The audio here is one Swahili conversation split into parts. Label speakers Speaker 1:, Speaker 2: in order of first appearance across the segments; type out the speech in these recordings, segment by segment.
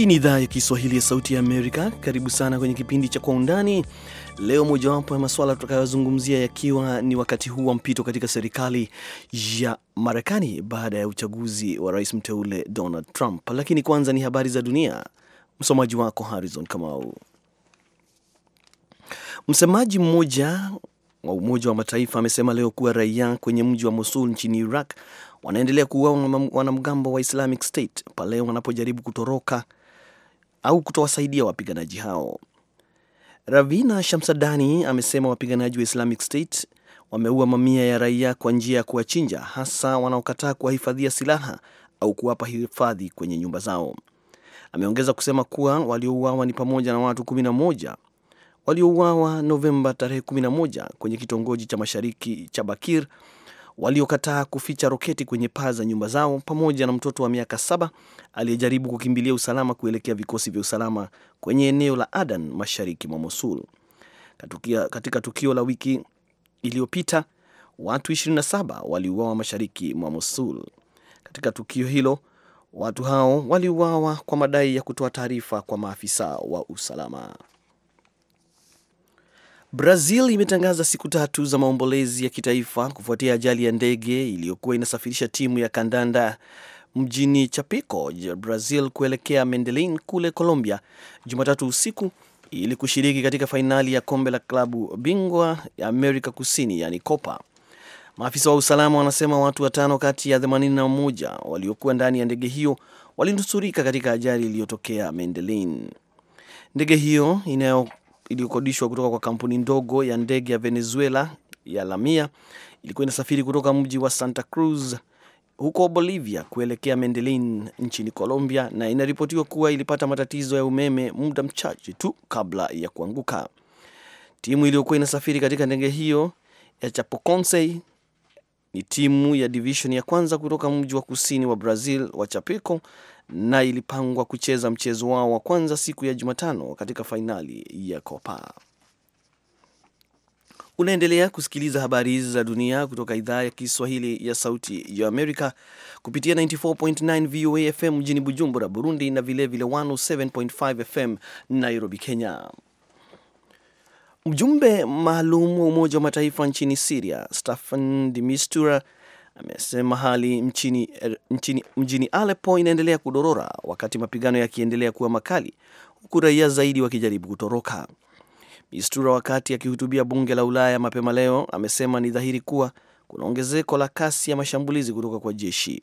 Speaker 1: Hii ni idhaa ya Kiswahili ya Sauti ya Amerika. Karibu sana kwenye kipindi cha Kwa Undani. Leo mojawapo ya masuala tutakayozungumzia yakiwa ni wakati huu wa mpito katika serikali ya Marekani baada ya uchaguzi wa rais mteule Donald Trump, lakini kwanza ni habari za dunia. Msomaji wako Harrison Kamau. Msemaji mmoja wa Umoja wa Mataifa amesema leo kuwa raia kwenye mji wa Mosul nchini Iraq wanaendelea kuuawa wanamgambo wa Islamic State pale wanapojaribu kutoroka au kutowasaidia wapiganaji hao. Ravina Shamsadani amesema wapiganaji wa Islamic State wameua mamia ya raia kwa njia ya kuwachinja, hasa wanaokataa kuwahifadhia silaha au kuwapa hifadhi kwenye nyumba zao. Ameongeza kusema kuwa waliouawa ni pamoja na watu 11 waliouawa Novemba tarehe 11 kwenye kitongoji cha mashariki cha Bakir waliokataa kuficha roketi kwenye paa za nyumba zao pamoja na mtoto wa miaka saba aliyejaribu kukimbilia usalama kuelekea vikosi vya usalama kwenye eneo la Adan mashariki mwa Mosul. Katika tukio la wiki iliyopita, watu 27 waliuawa mashariki mwa Mosul. Katika tukio hilo, watu hao waliuawa kwa madai ya kutoa taarifa kwa maafisa wa usalama. Brazil imetangaza siku tatu za maombolezi ya kitaifa kufuatia ajali ya ndege iliyokuwa inasafirisha timu ya kandanda mjini Chapico, Brazil kuelekea Medellin kule Colombia Jumatatu usiku ili kushiriki katika fainali ya kombe la klabu bingwa ya Amerika Kusini, yani Copa. Maafisa wa usalama wanasema watu watano kati ya 81 waliokuwa ndani ya ndege hiyo walinusurika katika ajali iliyotokea Medellin. Ndege hiyo inayo iliyokodishwa kutoka kwa kampuni ndogo ya ndege ya Venezuela ya Lamia ilikuwa inasafiri kutoka mji wa Santa Cruz huko Bolivia kuelekea Medellin nchini Colombia, na inaripotiwa kuwa ilipata matatizo ya umeme muda mchache tu kabla ya kuanguka. Timu iliyokuwa inasafiri katika ndege hiyo ya Chapecoense ni timu ya division ya kwanza kutoka mji wa kusini wa Brazil wa Chapeco na ilipangwa kucheza mchezo wao wa kwanza siku ya Jumatano katika fainali ya Copa. Unaendelea kusikiliza habari hizi za dunia kutoka idhaa ya Kiswahili ya Sauti ya Amerika kupitia 94.9 VOA FM mjini Bujumbura, Burundi, na vilevile 107.5 FM Nairobi, Kenya. Mjumbe maalum wa Umoja wa Mataifa nchini Siria Staffan de Mistura amesema hali mchini, er, mchini, mjini Aleppo inaendelea kudorora wakati mapigano yakiendelea kuwa makali huku raia zaidi wakijaribu kutoroka. Mistura, wakati akihutubia bunge la Ulaya mapema leo, amesema ni dhahiri kuwa kuna ongezeko la kasi ya mashambulizi kutoka kwa jeshi.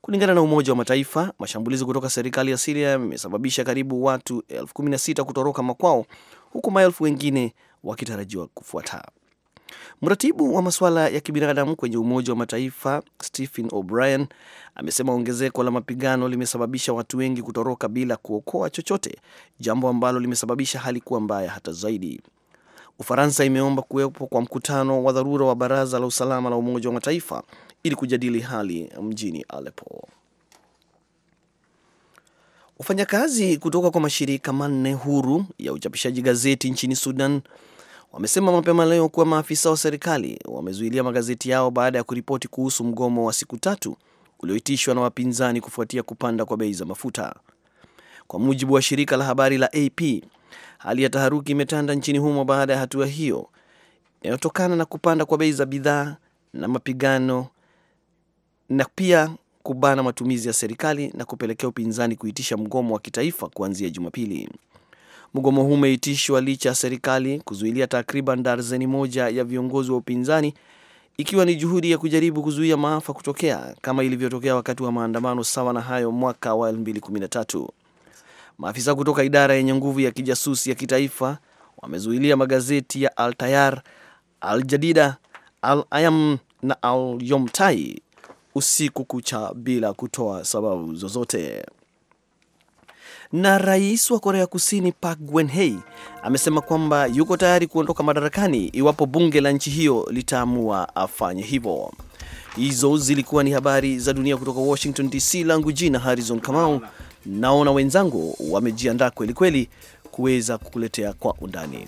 Speaker 1: Kulingana na Umoja wa Mataifa, mashambulizi kutoka serikali ya Siria yamesababisha karibu watu elfu kumi na sita kutoroka makwao huku maelfu wengine wakitarajiwa kufuata. Mratibu wa masuala ya kibinadamu kwenye Umoja wa Mataifa Stephen O'Brien amesema ongezeko la mapigano limesababisha watu wengi kutoroka bila kuokoa chochote, jambo ambalo limesababisha hali kuwa mbaya hata zaidi. Ufaransa imeomba kuwepo kwa mkutano wa dharura wa Baraza la Usalama la Umoja wa Mataifa ili kujadili hali mjini Aleppo. Wafanyakazi kutoka kwa mashirika manne huru ya uchapishaji gazeti nchini Sudan wamesema mapema leo kuwa maafisa wa serikali wamezuilia magazeti yao baada ya kuripoti kuhusu mgomo wa siku tatu ulioitishwa na wapinzani kufuatia kupanda kwa bei za mafuta. Kwa mujibu wa shirika la habari la AP, hali ya taharuki imetanda nchini humo baada ya hatua hiyo inayotokana na kupanda kwa bei za bidhaa na mapigano na pia kubana matumizi ya serikali na kupelekea upinzani kuitisha mgomo wa kitaifa kuanzia Jumapili. Mgomo huu umeitishwa licha ya serikali kuzuilia takriban darzeni moja ya viongozi wa upinzani ikiwa ni juhudi ya kujaribu kuzuia maafa kutokea kama ilivyotokea wakati wa maandamano sawa na hayo mwaka wa 2013. Maafisa kutoka idara yenye nguvu ya kijasusi ya kitaifa wamezuilia magazeti ya Al Tayar, Al Jadida, Al Ayam na Al Yomtai usiku kucha bila kutoa sababu zozote na rais wa Korea Kusini Park Geun-hye amesema kwamba yuko tayari kuondoka madarakani iwapo bunge la nchi hiyo litaamua afanye hivyo. Hizo zilikuwa ni habari za dunia kutoka Washington DC. Langu jina Harrison Kamau. Naona wenzangu wamejiandaa kweli kweli kuweza kukuletea kwa undani.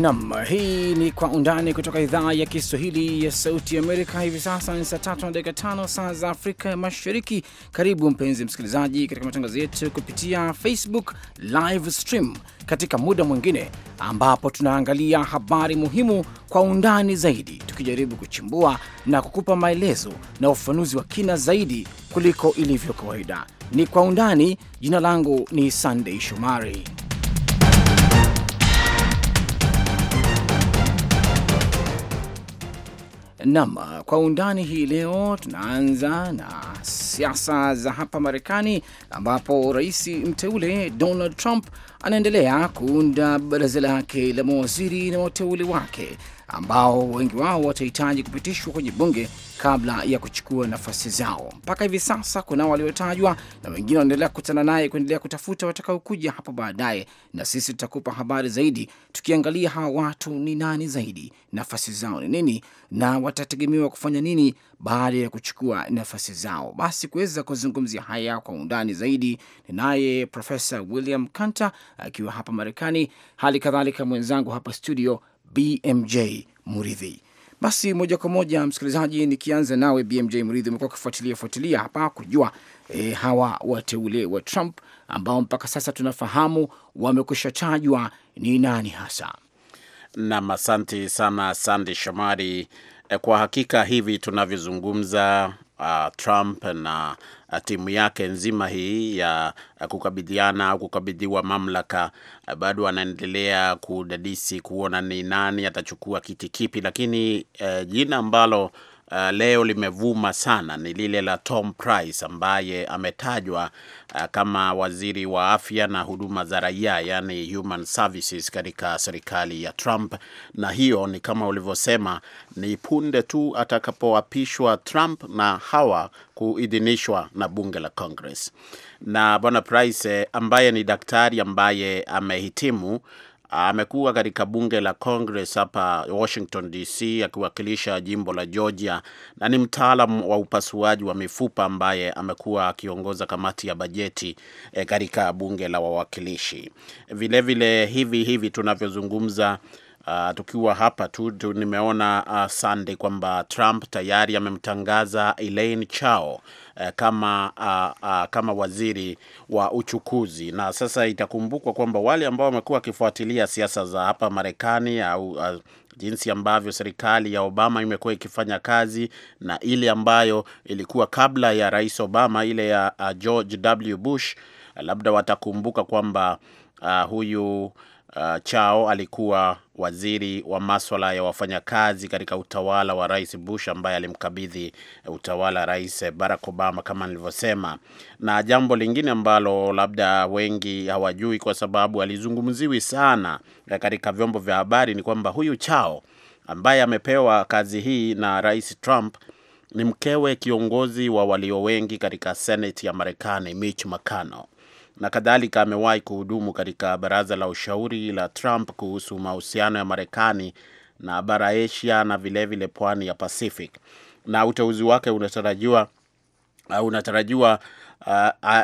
Speaker 2: Nam, hii ni Kwa Undani kutoka idhaa ya Kiswahili ya Sauti Amerika. Hivi sasa ni saa tatu na dakika tano saa za Afrika Mashariki. Karibu mpenzi msikilizaji, katika matangazo yetu kupitia Facebook live stream, katika muda mwingine ambapo tunaangalia habari muhimu kwa undani zaidi, tukijaribu kuchimbua na kukupa maelezo na ufafanuzi wa kina zaidi kuliko ilivyo kawaida. Ni Kwa Undani. Jina langu ni Sandei Shomari. Nam kwa undani hii leo tunaanza na siasa za hapa Marekani, ambapo rais mteule Donald Trump anaendelea kuunda baraza lake la mawaziri na wateuli wake ambao wengi wao watahitaji kupitishwa kwenye bunge kabla ya kuchukua nafasi zao. Mpaka hivi sasa kuna waliotajwa na wengine wanaendelea kukutana naye kuendelea kutafuta watakaokuja hapo baadaye, na sisi tutakupa habari zaidi tukiangalia hawa watu ni nani zaidi, nafasi zao ni nini, na watategemewa kufanya nini baada ya kuchukua nafasi zao. Basi kuweza kuzungumzia haya kwa undani zaidi ninaye Profesa William Kanta akiwa hapa Marekani, hali kadhalika mwenzangu hapa studio BMJ Muridhi. Basi moja kwa moja msikilizaji, nikianza nawe BMJ Mridhi, umekuwa ukifuatilia fuatilia hapa kujua e, hawa wateule wa Trump ambao mpaka sasa tunafahamu wamekwisha tajwa ni nani hasa.
Speaker 3: Nam, asante sana Sande Shomari. Eh, kwa hakika hivi tunavyozungumza, uh, Trump na Uh, timu yake nzima hii ya uh, kukabidhiana au kukabidhiwa mamlaka uh, bado anaendelea kudadisi kuona ni nani atachukua kiti kipi, lakini eh, jina ambalo uh, leo limevuma sana ni lile la Tom Price ambaye ametajwa uh, kama waziri wa afya na huduma za raia, yani human services katika serikali ya Trump. Na hiyo ni kama ulivyosema, ni punde tu atakapoapishwa Trump na hawa kuidhinishwa na bunge la Congress. Na bwana Price eh, ambaye ni daktari ambaye amehitimu amekuwa katika bunge la Congress hapa Washington DC akiwakilisha jimbo la Georgia na ni mtaalam wa upasuaji wa mifupa ambaye amekuwa akiongoza kamati ya bajeti eh, katika bunge la wawakilishi. Vilevile vile, hivi hivi tunavyozungumza Uh, tukiwa hapa tu, tu nimeona uh, Sunday kwamba Trump tayari amemtangaza Elaine Chao uh, kama uh, uh, kama waziri wa uchukuzi, na sasa itakumbukwa kwamba wale ambao wamekuwa wakifuatilia siasa za hapa Marekani au uh, jinsi ambavyo serikali ya Obama imekuwa ikifanya kazi na ile ambayo ilikuwa kabla ya Rais Obama, ile ya uh, George W. Bush, labda watakumbuka kwamba uh, huyu Uh, Chao alikuwa waziri wa maswala ya wafanyakazi katika utawala wa Rais Bush ambaye alimkabidhi uh, utawala Rais Barack Obama kama nilivyosema. Na jambo lingine ambalo labda wengi hawajui kwa sababu alizungumziwi sana uh, katika vyombo vya habari ni kwamba huyu Chao ambaye amepewa kazi hii na Rais Trump ni mkewe kiongozi wa walio wengi katika Seneti ya Marekani Mitch McConnell na kadhalika. Amewahi kuhudumu katika baraza la ushauri la Trump kuhusu mahusiano ya Marekani na bara Asia na vilevile pwani ya Pacific, na uteuzi wake unatarajiwa uh, unatarajiwa uh,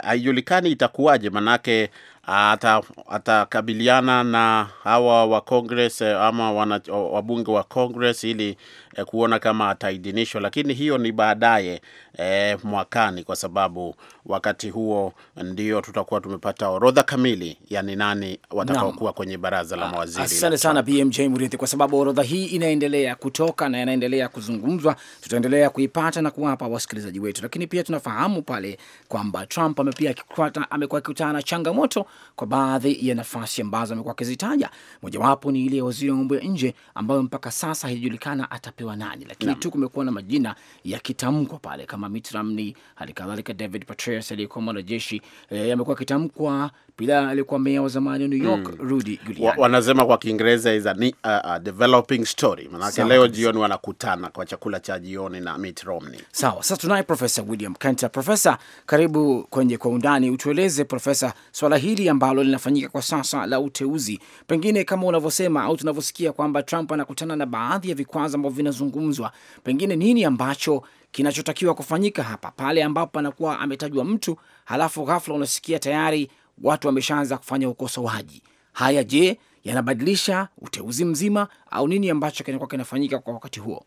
Speaker 3: haijulikani uh, itakuwaje, manake uh, atakabiliana ata na hawa wa Congress uh, ama wabunge wa Congress ili eh, kuona kama ataidhinishwa, lakini hiyo ni baadaye eh, mwakani, kwa sababu wakati huo ndio tutakuwa tumepata orodha kamili ya ni nani watakaokuwa kwenye baraza la ah, mawaziri. Asante
Speaker 2: sana BMJ Murithi, kwa sababu orodha hii inaendelea kutoka na inaendelea kuzungumzwa, tutaendelea kuipata na kuwapa wasikilizaji wetu, lakini pia tunafahamu pale kwamba Trump amepia amekuwa akikutana na changamoto kwa baadhi ya nafasi ambazo amekuwa akizitaja, mojawapo ni ile ya waziri wa mambo ya nje ambayo mpaka sasa haijulikana atapewa anapewa nani, lakini tu kumekuwa na majina yakitamkwa pale kama Mitt Romney, hali kadhalika David Petraeus aliyekuwa mwanajeshi, yamekuwa eh, akitamkwa pila alikuwa meya wa zamani wa New York mm. Rudy Giuliani.
Speaker 3: Wanasema kwa Kiingereza is a, uh, developing story, maanake leo jioni wanakutana kwa chakula cha jioni na Mitt Romney.
Speaker 2: Sawa, sasa tunaye Profesa William Kenta. Profesa, karibu kwenye kwa undani. Utueleze Profesa, swala hili ambalo linafanyika kwa sasa la uteuzi, pengine kama unavyosema au tunavyosikia kwamba Trump anakutana na baadhi ya vikwazo ambavyo vinazungumzwa, pengine nini ambacho kinachotakiwa kufanyika hapa pale ambapo anakuwa ametajwa mtu halafu ghafla unasikia tayari watu wameshaanza kufanya ukosoaji. Haya, je, yanabadilisha uteuzi mzima au nini ambacho kinakuwa kinafanyika kwa wakati huo?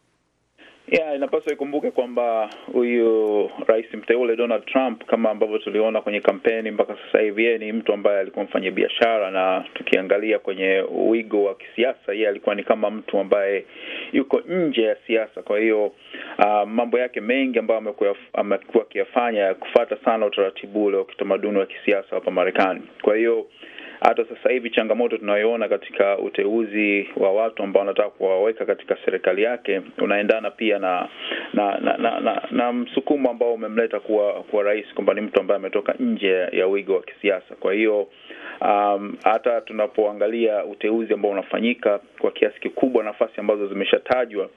Speaker 4: Yeah, inapaswa ikumbuke kwamba huyu rais mteule Donald Trump, kama ambavyo tuliona kwenye kampeni mpaka sasa hivi, yeye ni mtu ambaye alikuwa mfanya biashara, na tukiangalia kwenye wigo wa kisiasa, yeye alikuwa ni kama mtu ambaye yuko nje ya siasa. Kwa hiyo uh, mambo yake mengi ambayo amekuwa akiyafanya ya kufata sana utaratibu ule wa kitamaduni wa kisiasa hapa Marekani. Kwa hiyo hata sasa hivi changamoto tunayoona katika uteuzi wa watu ambao wanataka kuwaweka katika serikali yake unaendana pia na na na, na, na, na msukumo ambao umemleta kuwa kuwa rais, kwamba ni mtu ambaye ametoka nje ya wigo wa kisiasa. Kwa hiyo um, hata tunapoangalia uteuzi ambao unafanyika kwa kiasi kikubwa, nafasi ambazo zimeshatajwa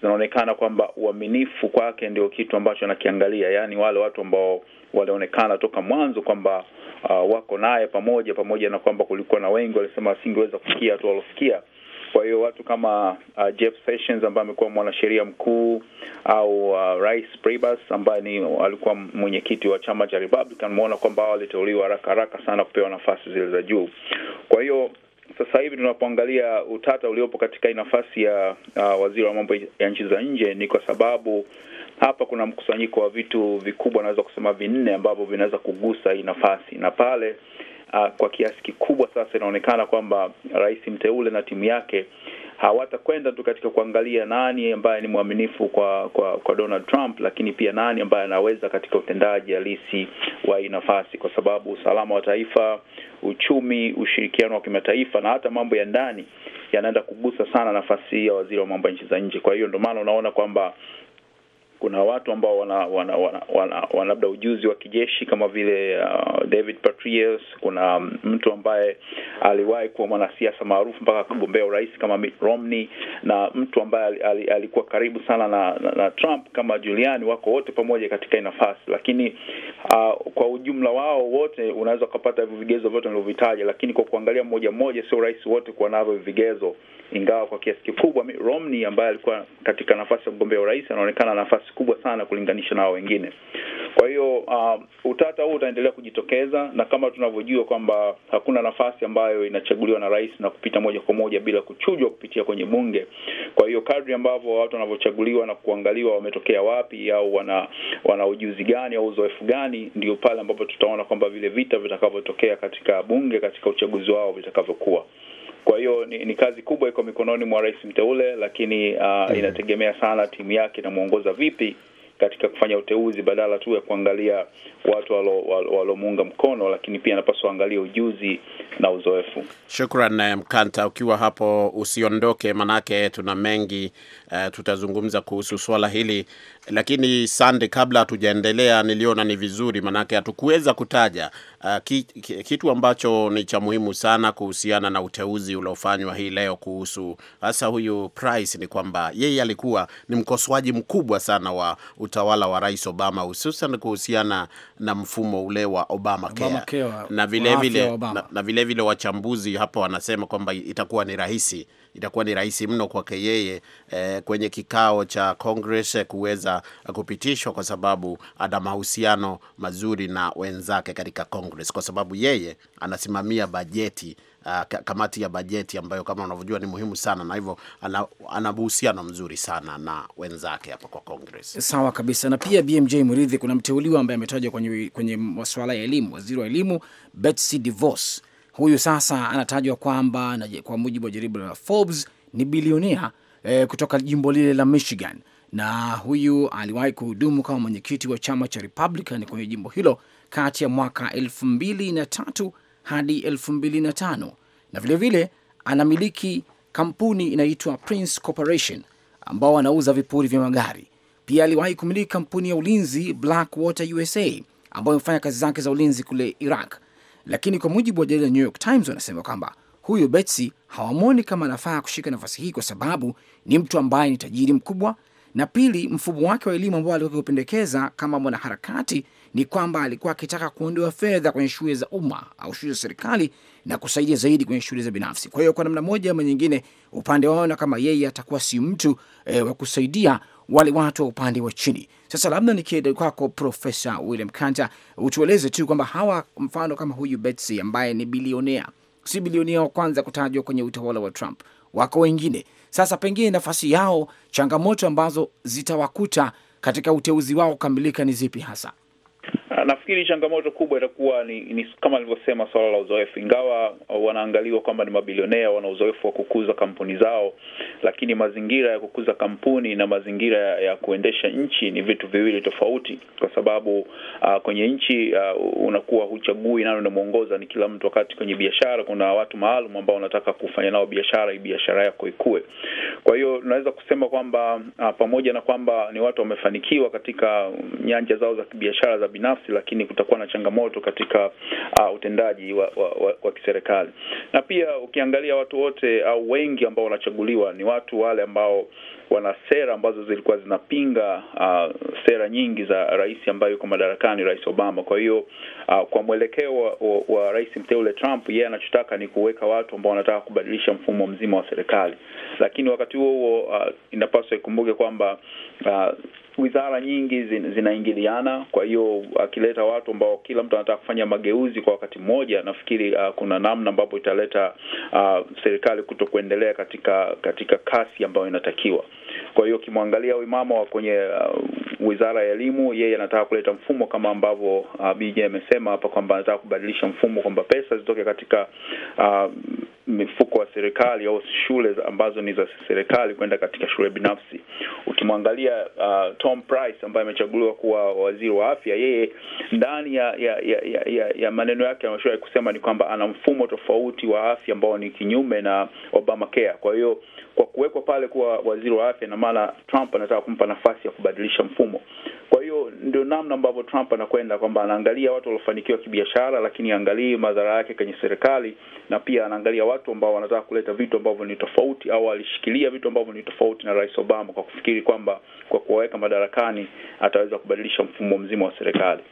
Speaker 4: zinaonekana kwamba uaminifu kwake ndio kitu ambacho anakiangalia, yaani wale watu ambao walionekana toka mwanzo kwamba uh, wako naye pamoja, pamoja na kwamba kulikuwa na wengi walisema asingeweza kufikia hatua waliofikia. Kwa hiyo watu kama uh, Jeff Sessions ambaye amekuwa mwanasheria mkuu au uh, Rais Priebus ambaye ni alikuwa mwenyekiti wa chama cha Republican, muona kwamba hao waliteuliwa haraka haraka sana kupewa nafasi zile za juu. Kwa hiyo sasa hivi tunapoangalia utata uliopo katika nafasi ya uh, waziri wa mambo ya nchi za nje ni kwa sababu hapa kuna mkusanyiko wa vitu vikubwa, naweza kusema vinne, ambavyo vinaweza kugusa hii nafasi na pale Uh, kwa kiasi kikubwa sasa inaonekana kwamba rais mteule na timu yake hawatakwenda tu katika kuangalia nani ambaye ni mwaminifu kwa, kwa kwa Donald Trump, lakini pia nani ambaye anaweza katika utendaji halisi wa hii nafasi, kwa sababu usalama wa taifa, uchumi, ushirikiano wa kimataifa na hata mambo ya ndani yanaenda kugusa sana nafasi ya waziri wa mambo ya nchi za nje. Kwa hiyo ndio maana unaona kwamba kuna watu ambao wana, wana, wana, wana, wana labda ujuzi wa kijeshi kama vile uh, David Patriots. Kuna um, mtu ambaye aliwahi kuwa mwanasiasa maarufu mpaka akagombea urais kama Mitt Romney, na mtu ambaye alikuwa karibu sana na, na, na Trump kama Giuliani, wako wote pamoja katika nafasi, lakini uh, kwa ujumla wao wote unaweza ukapata hivyo vigezo vyote nilivyovitaja, lakini kwa kuangalia mmoja mmoja, sio rais wote kuwa navyo vigezo, ingawa kwa kiasi kikubwa Romney ambaye alikuwa katika nafasi ya mgombea urais anaonekana nafasi kubwa sana kulinganisha na wao wengine. Kwa hiyo uh, utata huu utaendelea kujitokeza, na kama tunavyojua kwamba hakuna nafasi ambayo inachaguliwa na rais na kupita moja kwa moja bila kuchujwa kupitia kwenye bunge. Kwa hiyo kadri ambavyo watu wanavyochaguliwa na kuangaliwa wametokea wapi au wana wana ujuzi gani au uzoefu gani, ndio pale ambapo tutaona kwamba vile vita vitakavyotokea katika bunge katika uchaguzi wao vitakavyokuwa. Kwa hiyo ni, ni kazi kubwa iko mikononi mwa rais mteule, lakini uh, mm-hmm. inategemea sana timu yake inamwongoza vipi katika kufanya uteuzi, badala tu ya kuangalia watu waliomuunga mkono, lakini pia anapaswa angalia ujuzi
Speaker 3: na uzoefu. Shukran eh, Mkanta, ukiwa hapo usiondoke, manake tuna mengi uh, tutazungumza kuhusu swala hili lakini Sande, kabla hatujaendelea, niliona ni vizuri, manake hatukuweza kutaja uh, ki, ki, kitu ambacho ni cha muhimu sana kuhusiana na uteuzi uliofanywa hii leo kuhusu hasa uh, huyu Price, ni kwamba yeye alikuwa ni mkosoaji mkubwa sana wa utawala wa Rais Obama, hususan kuhusiana na mfumo ule wa Obama Care na vilevile na, na vile vile wachambuzi hapa wanasema kwamba itakuwa ni rahisi itakuwa ni rahisi mno kwake yeye eh, kwenye kikao cha Congress kuweza kupitishwa, kwa sababu ana mahusiano mazuri na wenzake katika Congress, kwa sababu yeye anasimamia bajeti Uh, kamati ya bajeti ambayo kama unavyojua ni muhimu sana na hivyo ana uhusiano mzuri sana na wenzake hapa kwa Congress.
Speaker 2: Sawa kabisa. Na pia BMJ Muridhi, kuna mteuliwa ambaye ametajwa kwenye, kwenye masuala ya elimu, waziri wa elimu Betsy DeVos huyu sasa anatajwa kwamba kwa mujibu wa jaribu la Forbes ni bilionea eh, kutoka jimbo lile la Michigan, na huyu aliwahi kuhudumu kama mwenyekiti wa chama cha Republican kwenye jimbo hilo kati ya mwaka elfu mbili na tatu hadi elfu mbili na tano na vilevile vile, anamiliki kampuni inaitwa Prince Corporation ambao wanauza vipuri vya magari. Pia aliwahi kumiliki kampuni ya ulinzi Blackwater USA ambayo imefanya kazi zake za ulinzi kule Iraq lakini kwa mujibu wa jarida New York Times wanasema kwamba huyu Betsy hawamwoni kama anafaa kushika nafasi hii kwa sababu ni mtu ambaye ni tajiri mkubwa, na pili, mfumo wake wa elimu ambao alikuwa akiupendekeza kama mwanaharakati ni kwamba alikuwa akitaka kuondoa fedha kwenye shule za umma au shule za serikali na kusaidia zaidi kwenye shughuli za binafsi. Kwa hiyo kwa namna moja ama nyingine, upande wao na kama yeye atakuwa si mtu e, wa kusaidia wale watu wa upande wa chini. Sasa labda nikienda kwako Profesa William Kanta, utueleze tu kwamba hawa, mfano kama huyu Betsy ambaye ni bilionea, si bilionea wa kwanza kutajwa kwenye utawala wa Trump, wako wengine. Sasa pengine nafasi yao, changamoto ambazo zitawakuta katika uteuzi wao kukamilika ni zipi hasa?
Speaker 4: Ah, nafikiri changamoto kubwa itakuwa ni, ni kama alivyosema swala la uzoefu, ingawa ah, wanaangaliwa kwamba ni mabilionea, wana uzoefu wa kukuza kampuni zao, lakini mazingira ya kukuza kampuni na mazingira ya kuendesha nchi ni vitu viwili tofauti, kwa sababu uh, kwenye nchi uh, unakuwa huchagui nani unamwongoza, ni kila mtu. Wakati kwenye biashara kuna watu maalum ambao unataka kufanya nao biashara, hii biashara yako ikue. Kwa hiyo unaweza kusema kwamba uh, pamoja na kwamba ni watu wamefanikiwa katika nyanja zao za kibiashara za binafsi binafsi, lakini kutakuwa na changamoto katika uh, utendaji wa, wa, wa, wa kiserikali. Na pia ukiangalia watu wote au wengi ambao wanachaguliwa ni watu wale ambao wana sera ambazo zilikuwa zinapinga uh, sera nyingi za rais ambaye yuko madarakani, Rais Obama. Kwa hiyo uh, kwa mwelekeo wa, wa, wa rais mteule Trump, yeye anachotaka ni kuweka watu ambao wanataka kubadilisha mfumo mzima wa serikali, lakini wakati huo huo uh, inapaswa ikumbuke kwamba uh, wizara nyingi zinaingiliana. Kwa hiyo akileta watu ambao kila mtu anataka kufanya mageuzi kwa wakati mmoja, nafikiri uh, kuna namna ambapo italeta uh, serikali kuto kuendelea katika katika kasi ambayo inatakiwa. Kwa hiyo ukimwangalia huyu mama wa kwenye uh, wizara ya elimu, yeye anataka kuleta mfumo kama ambavyo uh, BJ amesema hapa kwamba anataka kubadilisha mfumo kwamba pesa zitoke katika uh, mifuko wa serikali au shule ambazo ni za serikali kwenda katika shule binafsi. Ukimwangalia uh, Tom Price ambaye amechaguliwa kuwa waziri wa afya, yeye ndani ya ya, ya, ya, ya maneno yake ameshawahi kusema ni kwamba ana mfumo tofauti wa afya ambao ni kinyume na obama care Kwa hiyo kwa kuwekwa pale kuwa waziri wa afya, na maana Trump anataka kumpa nafasi ya kubadilisha mfumo ndio namna ambavyo Trump anakwenda kwamba anaangalia watu waliofanikiwa kibiashara, lakini angalii madhara yake kwenye serikali, na pia anaangalia watu ambao wanataka kuleta vitu ambavyo ni tofauti, au alishikilia vitu ambavyo ni tofauti na Rais Obama, kwa kufikiri kwamba kwa kuwaweka madarakani ataweza kubadilisha mfumo mzima wa serikali.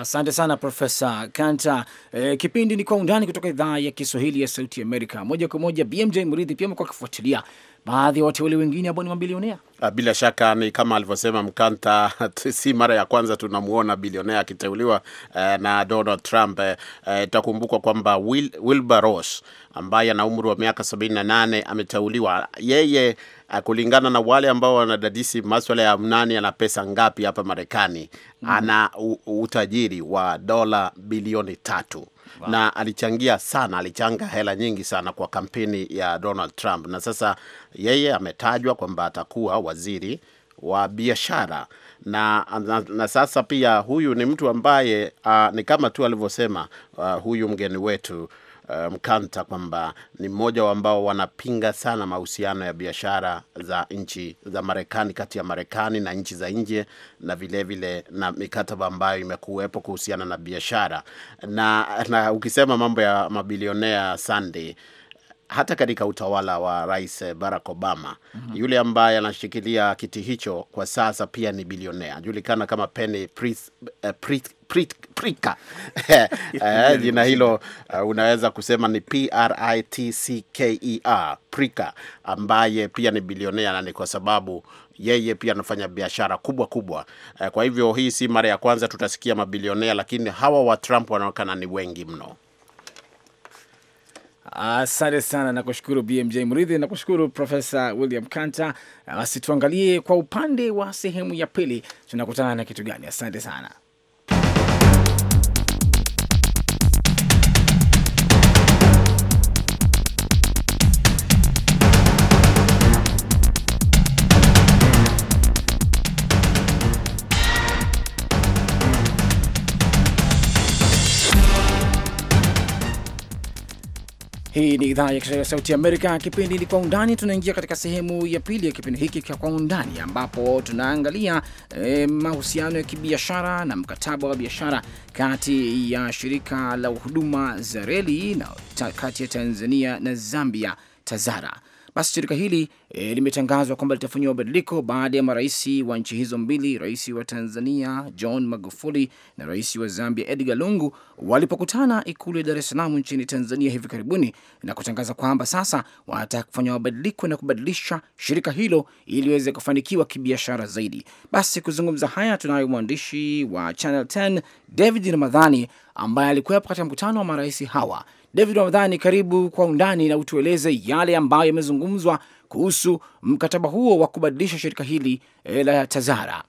Speaker 2: Asante sana Profesa Kanta. E, kipindi ni Kwa Undani kutoka idhaa ya Kiswahili ya Sauti Amerika. Moja kwa moja, BMJ Mridhi pia amekuwa akifuatilia baadhi ya wateule wengine ambao ni mabilionea.
Speaker 3: Ah, bila shaka ni kama alivyosema Mkanta, si mara ya kwanza tunamwona bilionea akiteuliwa eh, na Donald Trump. Eh, eh, itakumbukwa eh, kwamba Wil, Wilbur Ross ambaye ana umri wa miaka 78 ameteuliwa yeye ah, kulingana na wale ambao wanadadisi maswala ya mnani ana pesa ngapi hapa Marekani, mm. ana utajiri wa dola bilioni tatu na alichangia sana, alichanga hela nyingi sana kwa kampeni ya Donald Trump, na sasa yeye ametajwa kwamba atakuwa waziri wa biashara na, na, na sasa pia huyu ni mtu ambaye uh, ni kama tu alivyosema uh, huyu mgeni wetu Eh, mkanta um, kwamba ni mmoja ambao wanapinga sana mahusiano ya biashara za nchi za Marekani kati ya Marekani na nchi za nje na vilevile vile, na mikataba ambayo imekuwepo kuhusiana na biashara na, na ukisema mambo ya mabilionea Sunday hata katika utawala wa Rais eh, Barack Obama mm -hmm. Yule ambaye anashikilia kiti hicho kwa sasa pia ni bilionea julikana kama Penny Pritzker. Eh, eh, jina hilo uh, unaweza kusema ni P prika e Pritzker, ambaye pia ni bilionea na ni kwa sababu yeye pia anafanya biashara kubwa kubwa. Kwa hivyo hii si mara ya kwanza tutasikia mabilionea, lakini hawa wa Trump wanaonekana ni wengi mno.
Speaker 2: Asante sana, nakushukuru BMJ Mridhi, nakushukuru Profesa William Kanta. Basi tuangalie kwa upande wa sehemu ya pili tunakutana na kitu gani. Asante sana. Hii ni idhaa ya Kiswahili ya Sauti Amerika. Kipindi ni Kwa Undani. Tunaingia katika sehemu ya pili ya kipindi hiki cha Kwa Undani, ambapo tunaangalia eh, mahusiano ya kibiashara na mkataba wa biashara kati ya shirika la huduma za reli na kati ya Tanzania na Zambia, TAZARA. Basi shirika hili e, limetangazwa kwamba litafanyiwa mabadiliko baada ya marais wa nchi hizo mbili, rais wa Tanzania John Magufuli na rais wa Zambia Edgar Lungu walipokutana ikulu ya Dar es Salaam nchini Tanzania hivi karibuni na kutangaza kwamba sasa wanataka kufanya mabadiliko na kubadilisha shirika hilo ili iweze kufanikiwa kibiashara zaidi. Basi kuzungumza haya tunayo mwandishi wa Channel 10 David Ramadhani ambaye alikuwepo katika mkutano wa marais hawa David Ramadhani, karibu kwa undani na utueleze yale ambayo yamezungumzwa kuhusu mkataba huo wa kubadilisha shirika hili eh, la Tazara.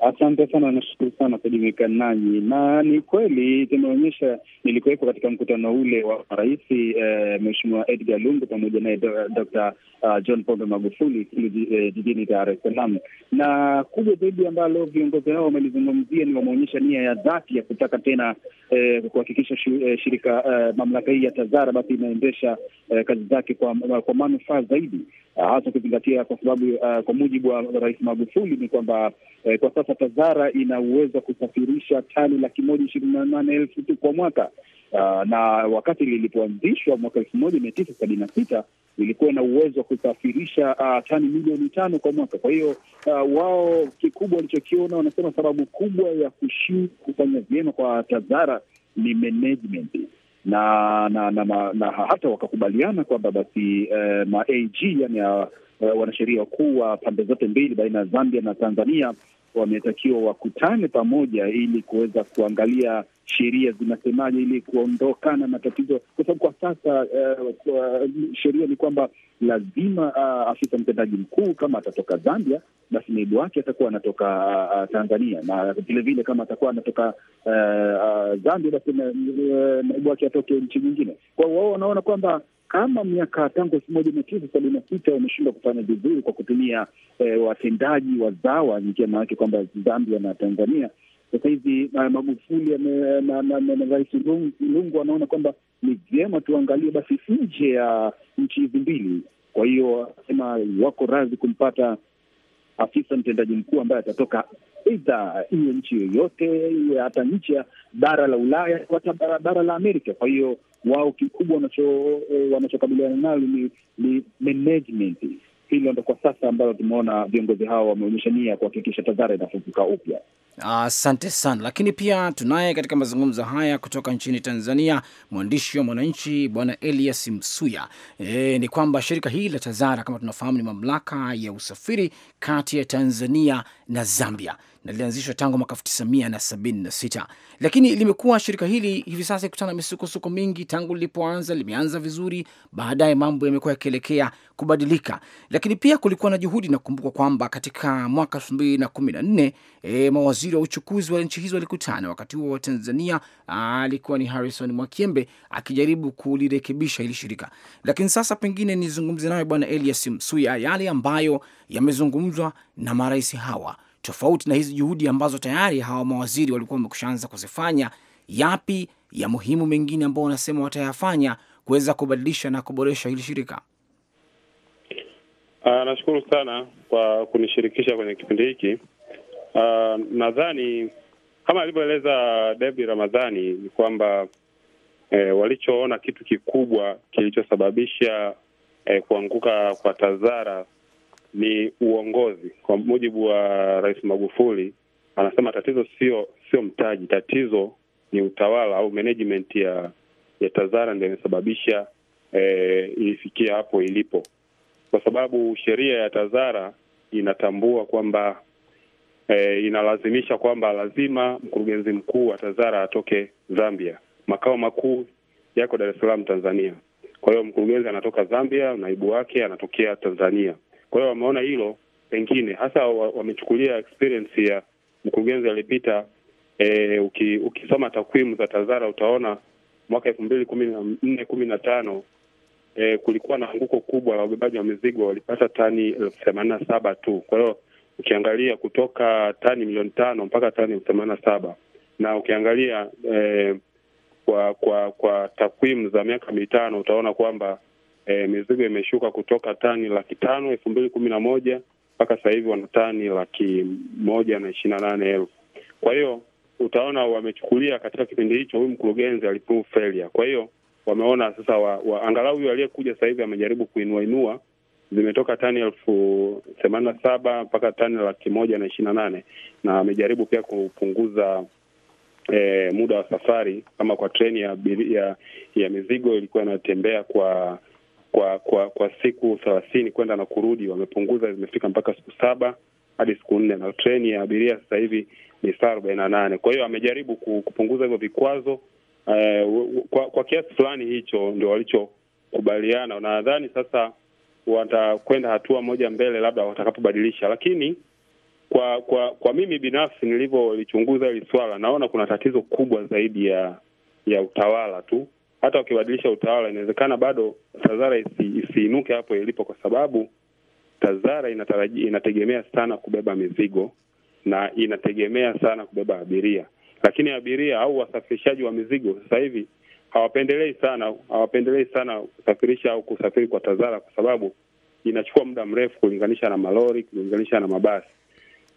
Speaker 5: Asante sana, nashukuru sana kujumuika nanyi, na ni kweli tumeonyesha, nilikuwepo katika mkutano ule wa rais eh, Mheshimiwa Edgar Lungu pamoja naye Dr. uh, ah, John Pombe Magufuli eh, jijini Dar es Salaam, na kubwa zaidi ambalo viongozi hao wamelizungumzia ni wameonyesha nia ya dhati ya kutaka tena eh, kuhakikisha eh, shirika eh, mamlaka hii ya TAZARA basi inaendesha eh, kazi zake kwa, kwa manufaa zaidi, ah, hasa ukizingatia kwa sababu uh, kwa mujibu wa Rais Magufuli ni kwamba eh, kwa sasa sasa TAZARA ina uwezo wa kusafirisha tani laki moja ishirini na nane elfu tu kwa mwaka. Uh, na wakati lilipoanzishwa mwaka elfu moja mia tisa sabini na sita ilikuwa na uwezo wa kusafirisha uh, tani milioni tano kwa mwaka. Kwa hiyo uh, wao kikubwa walichokiona, wanasema sababu kubwa ya kushuu kufanya vyema kwa TAZARA ni management na na, na, na, na hata wakakubaliana kwamba basi eh, ma AG yani uh, wanasheria wakuu wa pande zote mbili baina ya Zambia na Tanzania wametakiwa wakutane pamoja ili kuweza kuangalia sheria zinasemaje ili kuondokana na tatizo, kwa sababu kwa sasa uh, sheria ni kwamba lazima uh, afisa mtendaji mkuu kama atatoka Zambia, basi naibu wake atakuwa anatoka uh, Tanzania, na vilevile kama atakuwa anatoka uh, uh, Zambia, basi naibu wake atoke nchi nyingine. Kwa hiyo wao wanaona kwamba kama miaka tangu elfu moja mia tisa sabini na sita wameshindwa kufanya vizuri kwa kutumia e, watendaji wa ZAWA, nikia maanake kwamba Zambia na Tanzania. Sasa hivi eh, Magufuli na Rais Lungu anaona kwamba ni vyema tuangalie basi nje ya nchi hizi mbili. Kwa hiyo anasema wako radhi kumpata afisa mtendaji mkuu ambaye atatoka eidha hiyo nchi yoyote, hata nchi ya bara la Ulaya, hata bara la Amerika. Kwa hiyo wao kikubwa eh, wanachokabiliana wanacho nalo ni, ni management. Hilo ndo kwa sasa ambalo tumeona viongozi hao wameonyesha nia ya kuhakikisha TAZARA inafufuka upya.
Speaker 2: Asante ah, sana. Lakini pia tunaye katika mazungumzo haya kutoka nchini Tanzania mwandishi wa Mwananchi Bwana Elias Msuya. E, ni kwamba shirika hili la TAZARA kama tunafahamu ni mamlaka ya usafiri kati ya Tanzania na Zambia na lilianzishwa tangu mwaka 1976 lakini limekuwa shirika hili hivi sasa ikutana na misukosuko mingi tangu lilipoanza. Limeanza vizuri, baadaye mambo yamekuwa yakielekea kubadilika, lakini pia kulikuwa na juhudi. Nakumbuka kwamba katika mwaka 2014 e, mawaziri wa uchukuzi wa nchi hizo walikutana. Wakati huo wa Tanzania alikuwa ni Harrison Mwakiembe akijaribu kulirekebisha hili shirika, lakini sasa pengine nizungumze naye Bwana Elias Msuya yale ambayo yamezungumzwa na marais hawa tofauti na hizi juhudi ambazo tayari hawa mawaziri walikuwa wamekushaanza kuzifanya, yapi ya muhimu mengine ambao wanasema watayafanya kuweza kubadilisha na kuboresha hili shirika?
Speaker 6: Uh, nashukuru sana kwa kunishirikisha kwenye kipindi hiki. Uh, nadhani kama alivyoeleza Debi Ramadhani ni kwamba eh, walichoona kitu kikubwa kilichosababisha eh, kuanguka kwa TAZARA ni uongozi. Kwa mujibu wa Rais Magufuli, anasema tatizo sio sio mtaji, tatizo ni utawala au management ya ya TAZARA ndio imesababisha eh, ilifikia hapo ilipo, kwa sababu sheria ya TAZARA inatambua kwamba eh, inalazimisha kwamba lazima mkurugenzi mkuu wa TAZARA atoke Zambia. Makao makuu yako Dar es Salaam, Tanzania. Kwa hiyo mkurugenzi anatoka Zambia, naibu wake anatokea Tanzania. Kwa hiyo wameona hilo pengine hasa wamechukulia wa experience ya mkurugenzi alipita. E, eh, uki, ukisoma takwimu za Tazara utaona mwaka elfu mbili kumi na nne kumi na tano e, kulikuwa na anguko kubwa la wabebaji wa mizigo, walipata tani elfu themanini na saba tu. Kwa hiyo ukiangalia kutoka tani milioni tano mpaka tani elfu themanini na saba na ukiangalia e, kwa kwa kwa takwimu za miaka mitano utaona kwamba e, mizigo imeshuka kutoka tani laki tano elfu mbili kumi na moja mpaka sasa hivi wana tani laki moja na ishirini na nane elfu. Kwa hiyo utaona wamechukulia katika kipindi hicho huyu mkurugenzi alipofelia Kwa hiyo wameona sasa wa, wa, angalau huyu aliyekuja sasa hivi amejaribu kuinuainua zimetoka tani elfu themani na saba mpaka tani laki moja na ishirini na nane na amejaribu pia kupunguza e, muda wa safari kama kwa treni ya, ya, ya mizigo ilikuwa inatembea kwa kwa kwa kwa siku thelathini kwenda na kurudi, wamepunguza zimefika mpaka siku saba hadi siku nne, na treni ya abiria sasa hivi ni saa arobaini na nane. Kwa hiyo amejaribu kupunguza hivyo vikwazo eh, kwa, kwa kiasi fulani, hicho ndio walichokubaliana. Nadhani sasa watakwenda hatua moja mbele, labda watakapobadilisha, lakini kwa kwa kwa mimi binafsi nilivyolichunguza hili swala, naona kuna tatizo kubwa zaidi ya ya utawala tu hata wakibadilisha utawala, inawezekana bado TAZARA isiinuke hapo ilipo, kwa sababu TAZARA inategemea sana kubeba mizigo na inategemea sana kubeba abiria, lakini abiria au wasafirishaji wa mizigo sasa hivi hawapendelei sana hawapendelei sana kusafirisha au kusafiri kwa TAZARA kwa sababu inachukua muda mrefu kulinganisha na malori, kulinganisha na mabasi.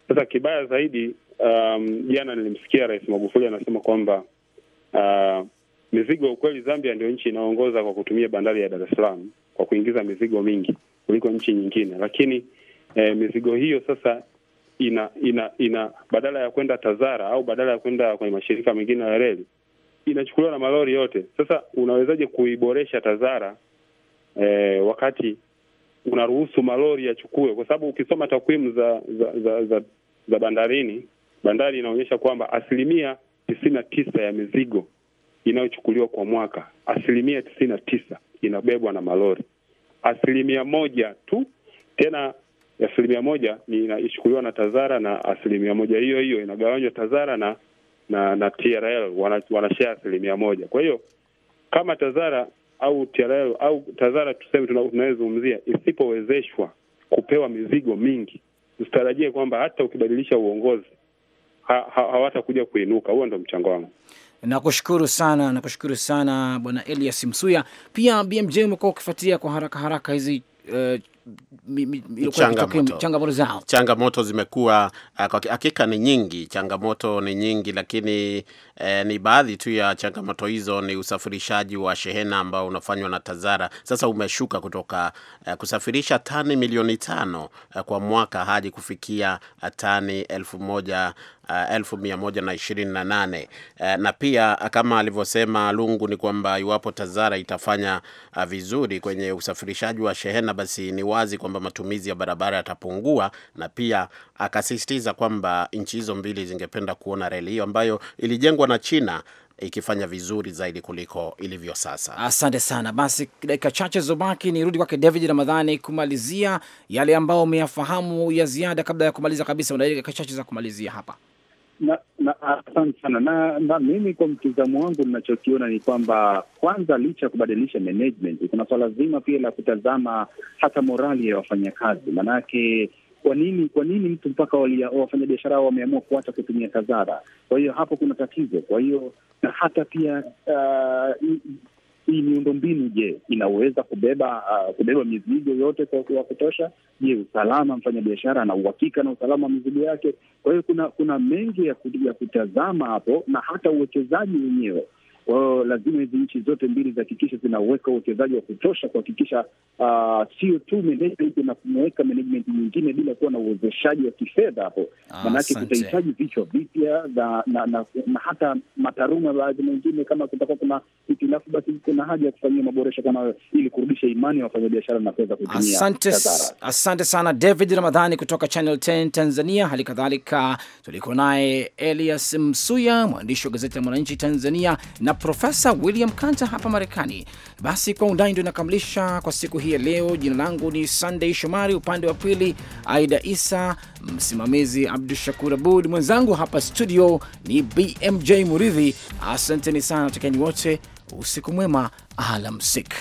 Speaker 6: Sasa kibaya zaidi, um, jana um, nilimsikia Rais Magufuli anasema kwamba uh, mizigo. Ukweli Zambia ndio nchi inaongoza kwa kutumia bandari ya Dar es Salaam kwa kuingiza mizigo mingi kuliko nchi nyingine, lakini eh, mizigo hiyo sasa ina ina ina badala ya kwenda Tazara au badala ya kwenda kwenye mashirika mengine ya reli inachukuliwa na malori yote. Sasa unawezaje kuiboresha Tazara eh, wakati unaruhusu malori yachukue? Kwa sababu ukisoma takwimu za za, za za za bandarini, bandari inaonyesha kwamba asilimia tisini na tisa ya mizigo inayochukuliwa kwa mwaka asilimia tisini na tisa inabebwa na malori, asilimia moja tu tena asilimia moja inachukuliwa na TAZARA na asilimia moja hiyo hiyo inagawanywa TAZARA na na, na TRL wanashea wana asilimia moja. Kwa hiyo kama TAZARA au TRL au TAZARA tuseme tunayezungumzia isipowezeshwa kupewa mizigo mingi, usitarajie kwamba hata ukibadilisha uongozi hawatakuja ha, kuinuka. Huo ndo mchango wangu.
Speaker 2: Nakushukuru sana, nakushukuru sana bwana Elias Msuya. Pia BMJ umekuwa ukifuatia kwa haraka haraka hizi uh, changamoto changamoto zao,
Speaker 3: changamoto zimekuwa uh, kwa hakika ni nyingi, changamoto ni nyingi, lakini eh, ni baadhi tu ya changamoto hizo ni usafirishaji wa shehena ambao unafanywa na Tazara. Sasa umeshuka kutoka eh, kusafirisha tani milioni tano eh, kwa mwaka hadi kufikia tani elfu moja 1128. Eh, eh, na pia kama alivyosema Lungu ni kwamba iwapo Tazara itafanya eh, vizuri kwenye usafirishaji wa shehena, basi ni wazi kwamba matumizi ya barabara yatapungua, na pia akasisitiza kwamba nchi hizo mbili zingependa kuona reli hiyo ambayo ilijengwa na China ikifanya vizuri zaidi kuliko ilivyo sasa.
Speaker 2: Asante sana. Basi dakika chache zobaki nirudi kwake David Ramadhani kumalizia yale ambayo umeyafahamu ya ziada kabla ya kumaliza kabisa. Una dakika chache za kumalizia hapa
Speaker 5: na, asante sana na, na mimi kwa mtizamo wangu ninachokiona ni kwamba kwanza, licha ya kubadilisha management, kuna swala zima pia la kutazama hata morali ya wafanyakazi. Maanake kwa nini kwa nini mtu mpaka wafanyabiashara hao wameamua kuacha kutumia TAZARA? Kwa hiyo hapo kuna tatizo. Kwa hiyo na hata pia uh, hii miundo mbinu, je, inaweza kubeba uh, kubeba mizigo yote kwa wa kutosha? Je, usalama, mfanyabiashara ana uhakika na usalama wa mizigo yake? Kwa hiyo kuna kuna mengi ya kutazama hapo na hata uwekezaji wenyewe kwa hiyo lazima hizi nchi zote mbili zihakikishe zinaweka uwekezaji wa kutosha kuhakikisha ah, sio tu management na kumweka management nyingine bila kuwa na uwezeshaji wa kifedha hapo, ah, maanake kutahitaji vichwa vipya na, na, na, na hata mataruma baadhi mengine. Kama kutakuwa kuna hitilafu, basi kuna haja ya kufanyia maboresho kama hayo ili kurudisha imani ya wafanyabiashara na kuweza kutumia. Asante,
Speaker 2: asante sana David Ramadhani kutoka Channel 10 Tanzania. Hali kadhalika tulikuwa naye Elias Msuya, mwandishi wa gazeti la Mwananchi Tanzania na na Profesa William Kanta hapa Marekani. Basi kwa undani ndio inakamilisha kwa siku hii ya leo. Jina langu ni Sunday Shomari, upande wa pili Aida Isa, msimamizi Abdu Shakur Abud, mwenzangu hapa studio ni BMJ Muridhi. Asanteni sana watakiani wote, usiku mwema, alamsik.